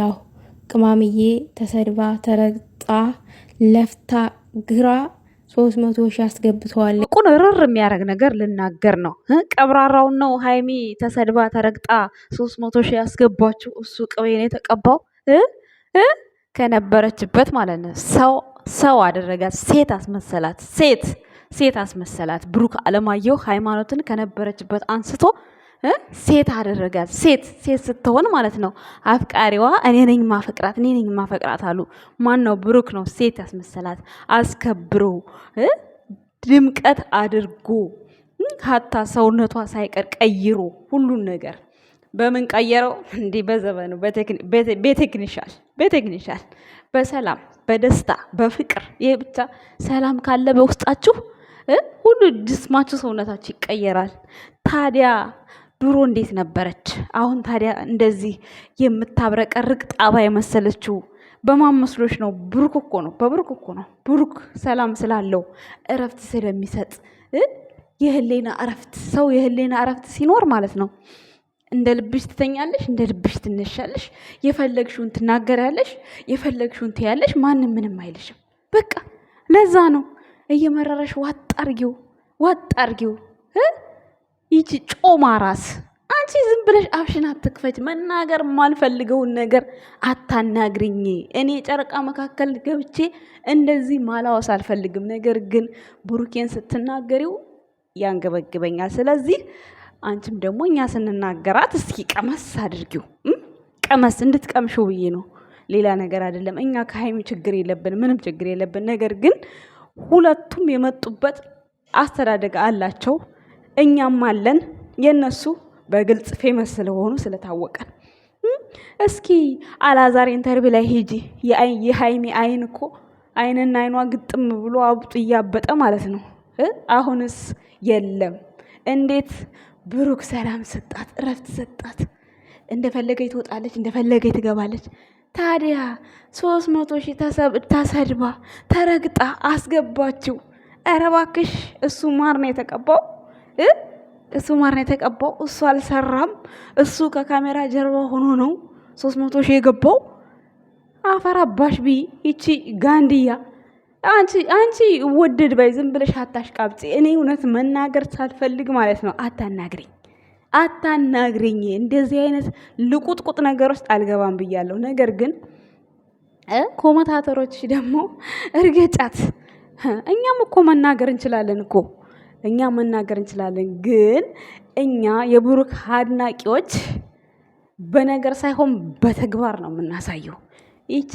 ያው ቅማምዬ ተሰድባ ተረግጣ ለፍታ ግራ ሶስት መቶ ሺ አስገብተዋል። ቁን ርር የሚያደርግ ነገር ልናገር ነው። ቀብራራውን ነው ሀይሚ ተሰድባ ተረግጣ ሶስት መቶ ሺ ያስገባችው። እሱ ቅቤ ነው የተቀባው ከነበረችበት ማለት ነው። ሰው ሰው አደረጋት። ሴት አስመሰላት። ሴት ሴት አስመሰላት። ብሩክ አለማየሁ ሃይማኖትን ከነበረችበት አንስቶ ሴት አደረጋት። ሴት ሴት ስትሆን ማለት ነው አፍቃሪዋ እኔ ነኝ ማፈቅራት እኔ ነኝ ማፈቅራት አሉ። ማን ነው? ብሩክ ነው ሴት ያስመሰላት። አስከብሮ ድምቀት አድርጎ ሀታ ሰውነቷ ሳይቀር ቀይሮ ሁሉን ነገር በምን ቀየረው? እንዲህ በዘመኑ ቤቴክኒሻል ቤቴክኒሻል በሰላም በደስታ በፍቅር ይሄ ብቻ ሰላም ካለ በውስጣችሁ ሁሉ ጅስማችሁ ሰውነታችሁ ይቀየራል። ታዲያ ድሮ እንዴት ነበረች? አሁን ታዲያ እንደዚህ የምታብረቀርቅ ጣባ የመሰለችው በማን መስሎች ነው? ብሩክ እኮ ነው፣ በብሩክ እኮ ነው። ብሩክ ሰላም ስላለው እረፍት ስለሚሰጥ የህሌና እረፍት፣ ሰው የህሌና እረፍት ሲኖር ማለት ነው እንደ ልብሽ ትተኛለሽ፣ እንደ ልብሽ ትነሻለሽ፣ የፈለግሽውን ትናገሪያለሽ፣ የፈለግሽውን ትያለሽ። ማንም ምንም አይልሽም። በቃ ለዛ ነው እየመረረሽ ዋጥ አርጊው፣ ዋጥ አርጊው። ይቺ ጮማ ራስ አንቺ ዝም ብለሽ አፍሽን አትክፈች። መናገር ማልፈልገውን ነገር አታናግርኝ። እኔ ጨረቃ መካከል ገብቼ እንደዚህ ማላወስ አልፈልግም። ነገር ግን ብሩኬን ስትናገሪው ያንገበግበኛል። ስለዚህ አንቺም ደግሞ እኛ ስንናገራት እስኪ ቀመስ አድርጊው። ቀመስ እንድትቀምሽው ብዬ ነው፣ ሌላ ነገር አይደለም። እኛ ከሀይሚ ችግር የለብን፣ ምንም ችግር የለብን። ነገር ግን ሁለቱም የመጡበት አስተዳደግ አላቸው። እኛም አለን። የእነሱ በግልጽ ፌመስ ስለሆኑ ስለታወቀን እስኪ አላዛር ኢንተርቪው ላይ ሂጂ። የሀይሚ አይን እኮ አይንና አይኗ ግጥም ብሎ አብጡ እያበጠ ማለት ነው። አሁንስ የለም። እንዴት ብሩክ ሰላም ሰጣት፣ እረፍት ሰጣት። እንደፈለገኝ ትወጣለች፣ እንደፈለገኝ ትገባለች። ታዲያ ሶስት መቶ ሺህ ተሰድባ ተረግጣ አስገባችው። ኧረ እባክሽ እሱ ማር ነው የተቀባው። እሱ ማር ነው የተቀባው። እሱ አልሰራም። እሱ ከካሜራ ጀርባ ሆኖ ነው ሶስት መቶ ሺህ የገባው። አፈር አባሽ ቢ ይቺ ጋንድያ አንቺ አንቺ ወደድ ባይ ዝም ብለሽ አታሽቃብጪ። እኔ እውነት መናገር ሳልፈልግ ማለት ነው አታናግሪኝ አታናግሪኝ እንደዚህ አይነት ልቁጥቁጥ ነገር ውስጥ አልገባም ብያለሁ። ነገር ግን ኮመታተሮች ደግሞ እርገጫት። እኛም እኮ መናገር እንችላለን እኮ እኛ መናገር እንችላለን። ግን እኛ የብሩክ አድናቂዎች በነገር ሳይሆን በተግባር ነው የምናሳየው። ይቺ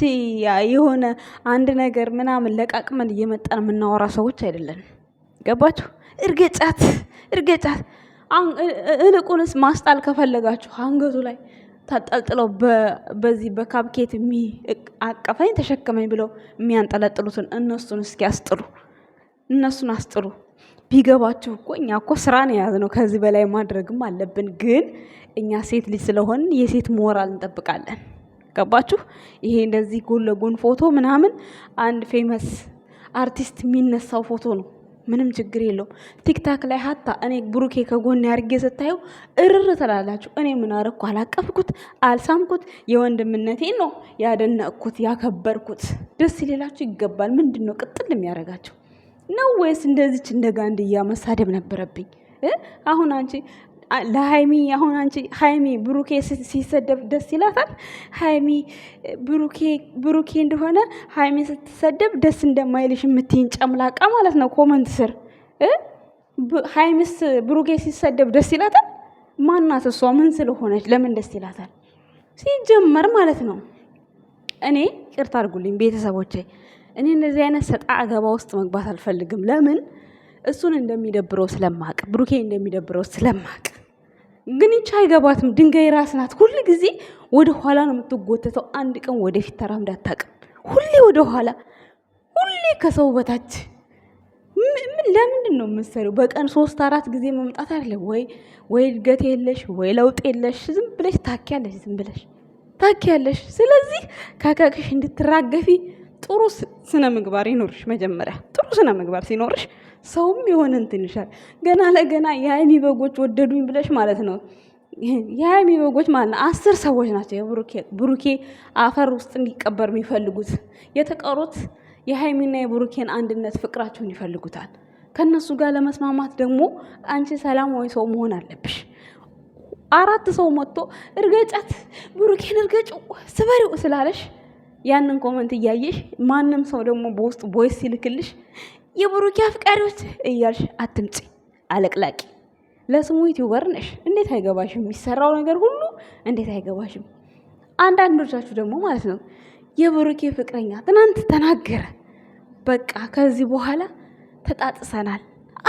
የሆነ አንድ ነገር ምናምን ለቃቅመን እየመጣን የምናወራ ሰዎች አይደለን ገባችሁ? እርገጫት እርገጫት። እልቁንስ ማስጣል ከፈለጋችሁ አንገቱ ላይ ታጠልጥለው በዚህ በካብኬት አቀፈኝ ተሸከመኝ ብለው የሚያንጠለጥሉትን እነሱን እስኪ አስጥሉ፣ እነሱን አስጥሉ። ቢገባችሁ እኮ እኛ እኮ ስራ ነው የያዝነው። ከዚህ በላይ ማድረግም አለብን። ግን እኛ ሴት ልጅ ስለሆን የሴት ሞራል እንጠብቃለን። ገባችሁ? ይሄ እንደዚህ ጎን ለጎን ፎቶ ምናምን አንድ ፌመስ አርቲስት የሚነሳው ፎቶ ነው። ምንም ችግር የለውም። ቲክታክ ላይ ሀታ እኔ ብሩኬ ከጎን ያርጌ ስታየው እርር ትላላችሁ። እኔ ምን አረግኩ? አላቀፍኩት፣ አልሳምኩት። የወንድምነቴ ነው ያደነቅኩት፣ ያከበርኩት። ደስ ሌላችሁ ይገባል። ምንድን ነው ቅጥል የሚያደርጋቸው? ነው ወይስ እንደዚች እንደ ጋንድያ መሳደብ ነበረብኝ? አሁን አንቺ ለሀይሚ አሁን አንቺ ሀይሚ ብሩኬ ሲሰደብ ደስ ይላታል። ሀይሚ ብሩኬ ብሩኬ እንደሆነ ሀይሚ ስትሰደብ ደስ እንደማይልሽ የምትይን ጨምላቃ ማለት ነው። ኮመንት ስር ሀይሚስ ብሩኬ ሲሰደብ ደስ ይላታል። ማናት እሷ? ምን ስለሆነች ለምን ደስ ይላታል? ሲጀመር ማለት ነው። እኔ ቅርት አድርጉልኝ ቤተሰቦቼ እኔ እንደዚህ አይነት ሰጣ አገባ ውስጥ መግባት አልፈልግም። ለምን እሱን እንደሚደብረው ስለማቅ፣ ብሩኬ እንደሚደብረው ስለማቅ። ግን ይቻ አይገባትም። ድንጋይ ራስ ናት። ሁል ጊዜ ወደ ኋላ ነው የምትጎተተው። አንድ ቀን ወደፊት ተራ እንዳታቅም። ሁሌ ወደ ኋላ፣ ሁሌ ከሰው በታች ለምንድን ነው የምትሰሪው? በቀን ሶስት አራት ጊዜ መምጣት አለ ወይ? ወይ እድገት የለሽ ወይ ለውጥ የለሽ። ዝም ብለሽ ታኪያለሽ፣ ዝም ብለሽ ታኪያለሽ። ስለዚህ ካካክሽ እንድትራገፊ ጥሩ ስነ ምግባር ይኖርሽ። መጀመሪያ ጥሩ ስነ ምግባር ሲኖርሽ ሰውም የሆነ እንትን ይሻል። ገና ለገና የሀይሚ በጎች ወደዱኝ ብለሽ ማለት ነው። የሀይሚ በጎች ማለት ነው አስር ሰዎች ናቸው የብሩኬ አፈር ውስጥ እንዲቀበር የሚፈልጉት። የተቀሩት የሀይሚና የብሩኬን አንድነት ፍቅራቸውን ይፈልጉታል። ከእነሱ ጋር ለመስማማት ደግሞ አንቺ ሰላማዊ ሰው መሆን አለብሽ። አራት ሰው መጥቶ እርገጫት፣ ብሩኬን እርገጭ፣ ስበሪው ስላለሽ ያንን ኮመንት እያየሽ ማንም ሰው ደግሞ በውስጥ ቦይስ ሲልክልሽ የብሩኬ አፍቃሪዎች እያልሽ አትምጪ። አለቅላቂ ለስሙ ዩቲዩበር ነሽ፣ እንዴት አይገባሽም? የሚሰራው ነገር ሁሉ እንዴት አይገባሽም? አንዳንዶቻችሁ ደግሞ ማለት ነው የብሩኬ ፍቅረኛ ትናንት ተናገረ፣ በቃ ከዚህ በኋላ ተጣጥሰናል፣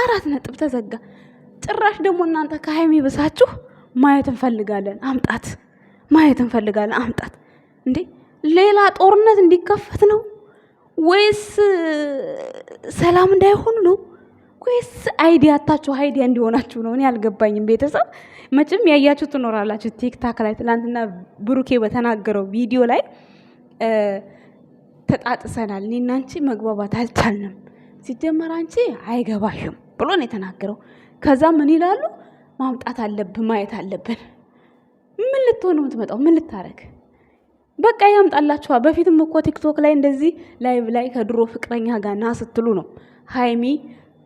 አራት ነጥብ ተዘጋ። ጭራሽ ደግሞ እናንተ ከሀይሚ ብሳችሁ ማየት እንፈልጋለን አምጣት፣ ማየት እንፈልጋለን አምጣት እንዴ! ሌላ ጦርነት እንዲከፈት ነው ወይስ ሰላም እንዳይሆኑ ነው ወይስ አይዲያ አታችሁ አይዲያ እንዲሆናችሁ ነው? እኔ አልገባኝም። ቤተሰብ መቼም ያያችሁ ትኖራላችሁ። ቲክታክ ላይ ትናንትና ብሩኬ በተናገረው ቪዲዮ ላይ ተጣጥሰናል፣ እኔና አንቺ መግባባት አልቻልንም፣ ሲጀመር አንቺ አይገባሽም ብሎ ነው የተናገረው። ከዛ ምን ይላሉ ማምጣት አለብን ማየት አለብን። ምን ልትሆን የምትመጣው ምን ልታረግ በቃ ያምጣላችኋ። በፊትም እኮ ቲክቶክ ላይ እንደዚህ ላይቭ ላይ ከድሮ ፍቅረኛ ጋር ና ስትሉ ነው ሀይሚ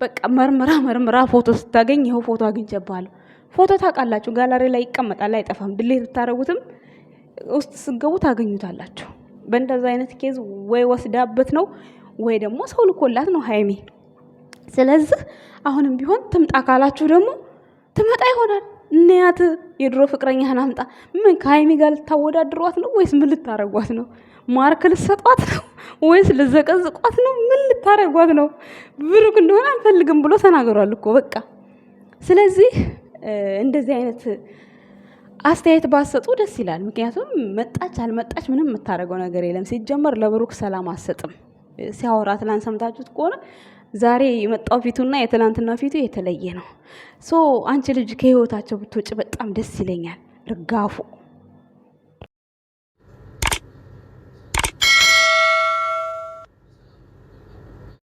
በቃ መርምራ መርምራ ፎቶ ስታገኝ ይኸው ፎቶ አግኝቼብሃለሁ። ፎቶ ታውቃላችሁ፣ ጋላሪ ላይ ይቀመጣል፣ አይጠፋም። ድሌ ብታደርጉትም ውስጥ ስገቡ ታገኙታላችሁ። በእንደዛ አይነት ኬዝ ወይ ወስዳበት ነው ወይ ደግሞ ሰው ልኮላት ነው ሀይሚ። ስለዚህ አሁንም ቢሆን ትምጣ ካላችሁ ደግሞ ትመጣ ይሆናል። እናያት የድሮ ፍቅረኛህን አምጣ። ምን ከሀይሚ ጋር ልታወዳድሯት ነው ወይስ ምን ልታረጓት ነው? ማርክ ልሰጧት ነው ወይስ ልዘቀዝቋት ነው? ምን ልታረጓት ነው? ብሩክ እንደሆነ አልፈልግም ብሎ ተናግሯል እኮ በቃ። ስለዚህ እንደዚህ አይነት አስተያየት ባሰጡ ደስ ይላል። ምክንያቱም መጣች አልመጣች ምንም የምታደርገው ነገር የለም። ሲጀመር ለብሩክ ሰላም አሰጥም። ሲያወራት ላንሰምታችሁት ከሆነ ዛሬ የመጣው ፊቱና የትናንትና ፊቱ የተለየ ነው። ሶ አንቺ ልጅ ከህይወታቸው ብትወጭ በጣም ደስ ይለኛል። ርጋፉ